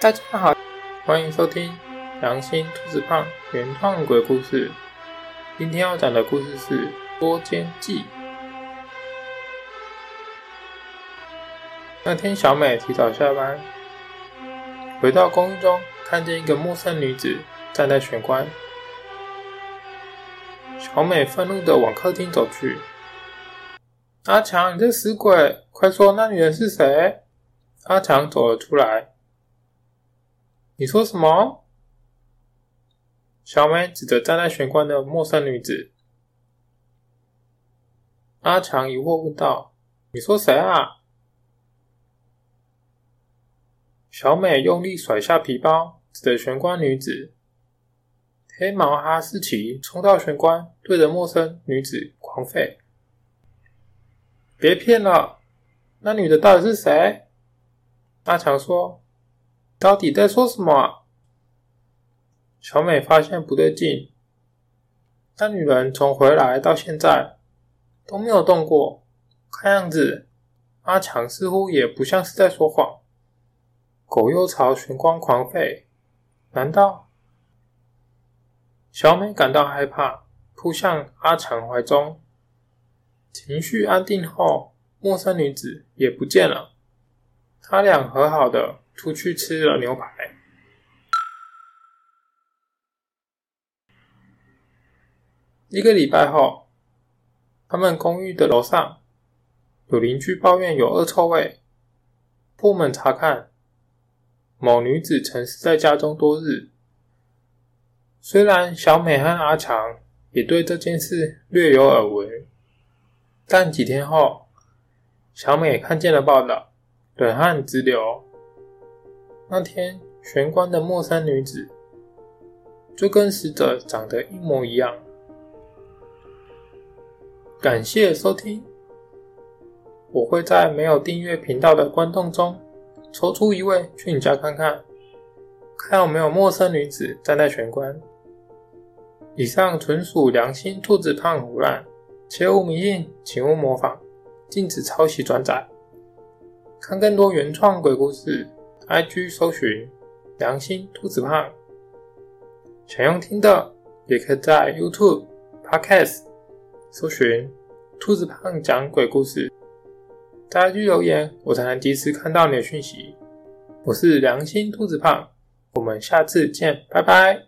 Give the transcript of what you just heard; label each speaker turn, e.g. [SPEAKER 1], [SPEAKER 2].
[SPEAKER 1] 大家好，歡迎收聽《良心兔子胖》原創鬼故事。今天要講的故事是《捉奸記》。那天，小美提早下班，回到公寓中，看見一個陌生女子站在玄關。小美憤怒地往客廳走去：“阿強，你這死鬼，快說那女人是誰？”阿強走了出來。你說什麼？小美指着站在玄關的陌生女子。阿強疑惑問道：“你說誰啊？”小美用力甩下皮包，指着玄關女子。黑毛哈士奇衝到玄關，對着陌生女子狂吠。別騙了，那女的到底是誰？阿強說，到底在說什麼啊？小美發現不對勁，但女人從回來到現在都沒有動過。看樣子，阿強似乎也不像是在說謊。狗又朝玄光狂吠，難道？小美感到害怕，撲向阿強懷中。情緒安定後，陌生女子也不見了。他倆和好的。出去吃了牛排。一個禮拜後，他們公寓的樓上有鄰居抱怨有惡臭味。破門查看，某女子陳屍在家中多日。雖然小美和阿強也對這件事略有耳聞，但幾天後，小美看見了報道冷汗直流。那天玄關的陌生女子就跟死者長得一模一樣。感謝收聽，我會在沒有訂閱頻道的觀眾中抽出一位去你家看看，看有沒有陌生女子站在玄關。以上純屬良心兔子胖唬爛，切勿迷信，請勿模仿，禁止抄襲轉載。看更多原創鬼故事。IG 搜尋良心兔子胖，想用聽的，也可以在 YouTube、Podcast 搜尋兔子胖講鬼故事。在 IG 留言，我才能及時看到你的訊息。我是良心兔子胖，我們下次見，拜拜。